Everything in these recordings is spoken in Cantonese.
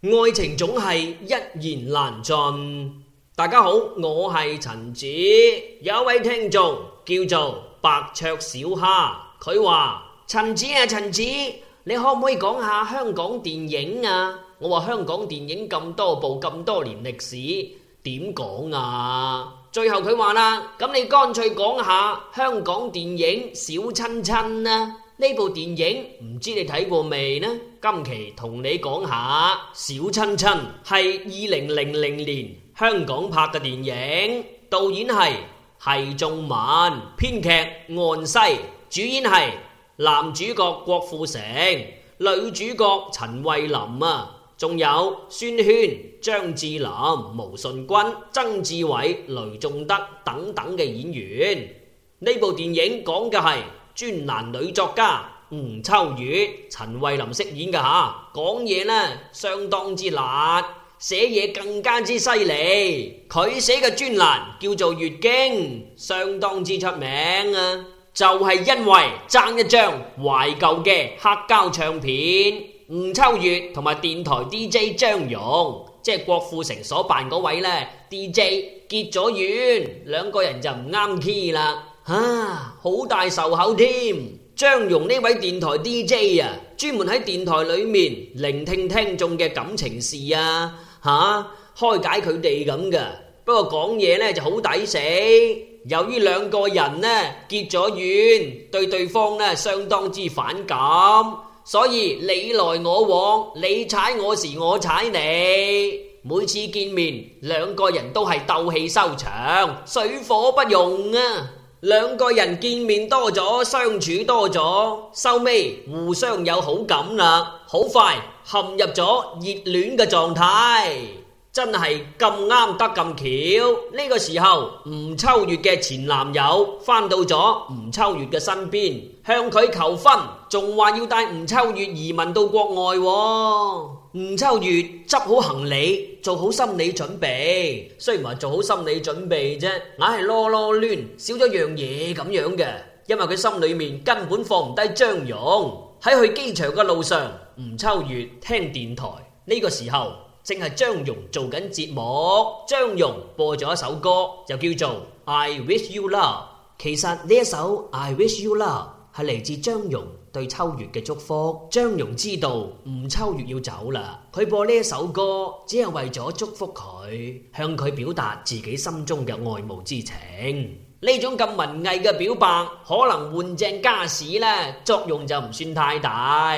愛情總係一言難盡。大家好，我係陳子，有一位聽眾叫做白灼小蝦，佢話陳子啊陳子，你可唔可以講下香港電影啊？我話香港電影咁多部咁多年歷史，點講啊？最後佢話啦，咁你乾脆講下香港電影小親親啊。呢部電影唔知你睇過未呢？今期同你講下《小親親》，係二零零零年香港拍嘅電影，導演係奚仲文，編劇岸西，主演係男主角郭富城、女主角陳慧琳啊，仲有孫軒、張智霖、毛舜筠、曾志偉、雷仲德等等嘅演員。呢部電影講嘅係，專欄女作家吳秋月、陳慧琳飾演嘅吓，講嘢呢相當之辣，寫嘢更加之犀利。佢寫嘅專欄叫做《月經》，相當之出名啊！就係因為爭一張懷舊嘅黑膠唱片，吳秋月同埋電台 DJ 張蓉，即係郭富城所扮嗰位呢 DJ 結咗怨，兩個人就唔啱 key 啦。啊，好大仇口添！張融呢位電台 DJ 啊，專門喺電台裏面聆聽聽眾嘅感情事啊，吓、啊、開解佢哋咁噶。不過講嘢呢就好抵死。由於兩個人呢結咗怨，對，對對方呢相當之反感，所以你來我往，你踩我時我踩你，每次見面兩個人都係鬥氣收場，水火不容啊！兩個人見面多咗，相處多咗，收尾互相有好感啦，好快陷入咗熱戀嘅狀態，真係咁啱得咁巧。呢個時候，吳秋月嘅前男友返到咗吳秋月嘅身邊，向佢求婚，仲話要帶吳秋月移民到國外喎。吳秋月執好行李，做好心理準備。雖然話做好心理準備啫，硬係囉囉攣，少咗樣嘢咁樣嘅。因為佢心裏面根本放唔低張蓉。喺去機場嘅路上，吳秋月聽電台。呢個時候正係張蓉做緊節目。張蓉播咗一首歌，就叫做《I Wish You Love》。其實呢一首《I Wish You Love》係嚟自張蓉，對秋月嘅祝福，張蓉知道吳秋月要走啦，佢播呢一首歌，只係為咗祝福佢，向佢表達自己心中嘅愛慕之情。呢種咁文藝嘅表白，可能換正家事呢，作用就唔算太大。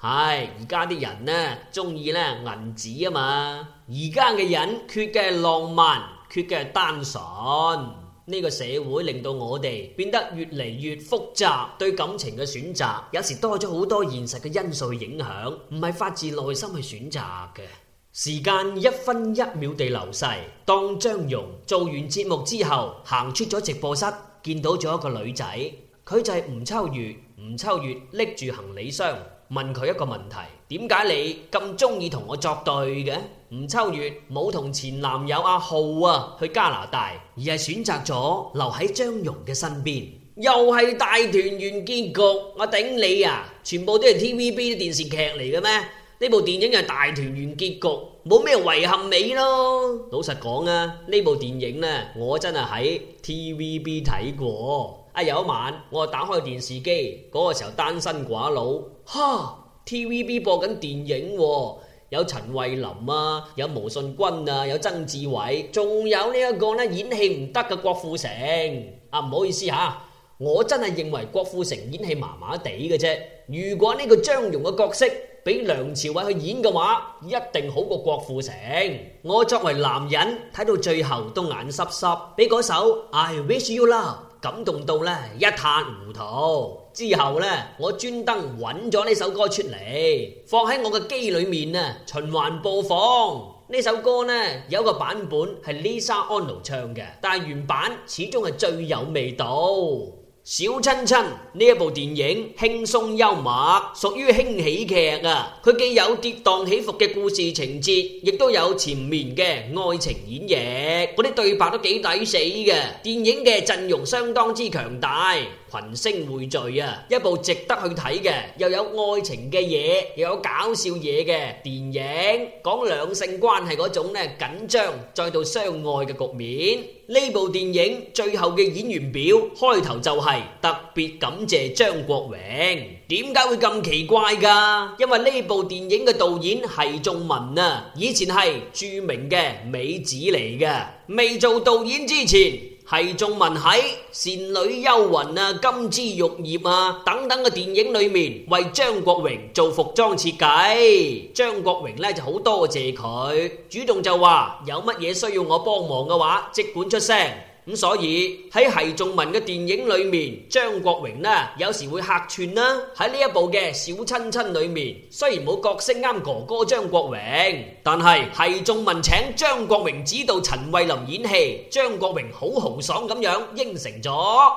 唉，而家啲人呢，中意呢銀紙啊嘛，而家嘅人缺嘅係浪漫，缺嘅係單純。呢個社會令到我哋變得越嚟越複雜，對感情嘅選擇有時多咗好多現實嘅因素影響，唔係發自內心去選擇嘅。時間一分一秒地流逝，當張蓉做完節目之後，行出咗直播室，見到咗一個女仔，佢就係吳秋月。吳秋月拎住行李箱，問佢一個問題：點解你咁中意同我作對嘅？吳秋月冇同前男友阿浩啊去加拿大，而係選擇咗留喺張蓉嘅身邊。又係大團圓結局，我頂你啊！全部都係 T V B 電視劇嚟嘅咩？呢部電影又係大團圓結局，冇咩遺憾尾咯。老實講啊，呢部電影呢，我真係喺 T V B 睇過。啊，有一晚，我打開電視機嗰個時候單身寡佬，哈，T V B 播緊電影啊。有陳慧琳啊，有毛舜筠啊，有曾志偉，仲有呢一個咧，演戲唔得嘅郭富城啊！唔好意思吓、啊，我真係認為郭富城演戲麻麻地嘅啫。如果呢個張榕嘅角色俾梁朝偉去演嘅話，一定好過郭富城。我作為男人睇到最後都眼濕濕，俾嗰首《I Wish You Love》感動到呢，一塌糊塗。之後呢，我專登揾咗呢首歌出嚟，放喺我嘅機裏面啊，循環播放呢首歌呢，有一個版本係 Lisa Ono 唱嘅，但係原版始終係最有味道。小親親呢一部電影輕鬆幽默，屬於輕喜劇啊！佢既有跌宕起伏嘅故事情節，亦都有前面嘅愛情演繹，嗰啲對白都幾抵死嘅。電影嘅陣容相當之強大。群星匯聚啊！一部值得去睇嘅，又有愛情嘅嘢，又有搞笑嘢嘅電影，講兩性關係嗰種咧緊張，再到相愛嘅局面。呢部電影最後嘅演員表開頭就係特別感謝張國榮。點解會咁奇怪噶？因為呢部電影嘅導演係仲文啊，以前係著名嘅美子嚟嘅，未做導演之前。系仲文喺《倩女幽魂》啊，《金枝玉葉》啊等等嘅電影裏面，為張國榮做服裝設計，張國榮呢就好多謝佢，主動就話有乜嘢需要我幫忙嘅話，即管出聲。咁所以喺奚仲文嘅電影裏面，張國榮呢、啊、有時會客串啦、啊。喺呢一部嘅《小親親》裏面，雖然冇角色啱哥哥張國榮，但係奚仲文請張國榮指導陳慧琳演戲，張國榮好豪爽咁樣應承咗。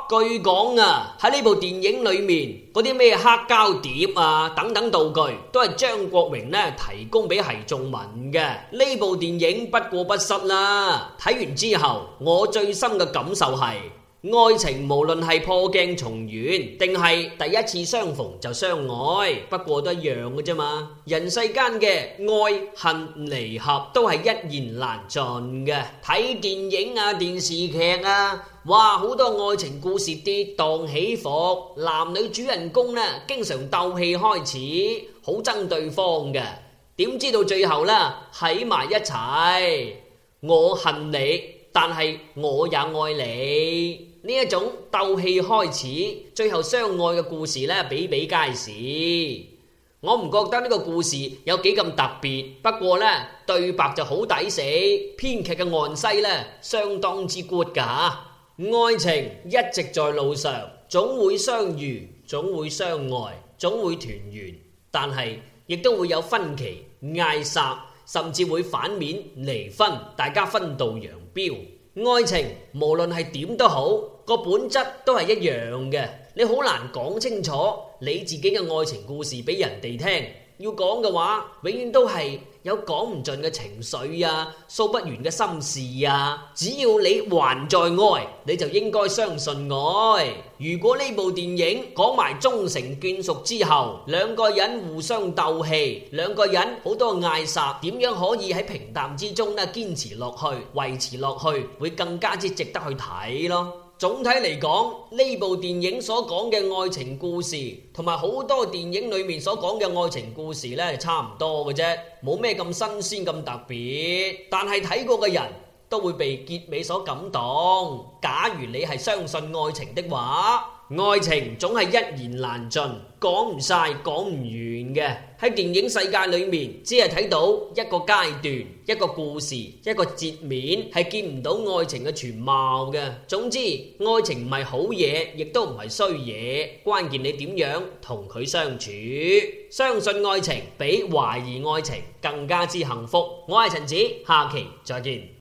據講啊，喺呢部電影裏面。嗰啲咩黑膠碟啊，等等道具都係張國榮呢提供俾奚仲文嘅。呢部電影不過不失啦，睇完之後我最深嘅感受係。愛情無論係破鏡重圓定係第一次相逢就相愛，不過都一樣嘅啫嘛。人世間嘅愛恨離合都係一言難盡嘅。睇電影啊電視劇啊，哇，好多愛情故事跌宕起伏，男女主人公呢，經常鬥氣開始，好憎對方嘅。點知到最後呢，喺埋一齊，我恨你，但係我也愛你。呢一種鬥氣開始，最後相愛嘅故事咧比比皆是。我唔覺得呢個故事有幾咁特別，不過咧對白就好抵死，編劇嘅岸西咧相當之 good 㗎。愛情一直在路上，總會相遇，總會相愛，總會團圓。但係亦都會有分歧、嗌殺，甚至會反面離婚，大家分道揚鑣。愛情無論係點都好。個本質都係一樣嘅，你好難講清楚你自己嘅愛情故事俾人哋聽。要講嘅話，永遠都係有講唔盡嘅情緒啊，訴不完嘅心事啊。只要你還在愛，你就應該相信愛。如果呢部電影講埋終成眷屬之後，兩個人互相鬥氣，兩個人好多嗌殺，點樣可以喺平淡之中呢堅持落去，維持落去，會更加之值得去睇咯。總體嚟講，呢部電影所講嘅愛情故事，同埋好多電影裏面所講嘅愛情故事咧，係差唔多嘅啫，冇咩咁新鮮咁特別。但係睇過嘅人都會被結尾所感動。假如你係相信愛情的話。愛情總係一言難盡，講唔晒，講唔完嘅。喺電影世界裏面，只係睇到一個階段、一個故事、一個截面，係見唔到愛情嘅全貌嘅。總之，愛情唔係好嘢，亦都唔係衰嘢，關鍵你點樣同佢相處。相信愛情比懷疑愛情更加之幸福。我係陳子，下期再見。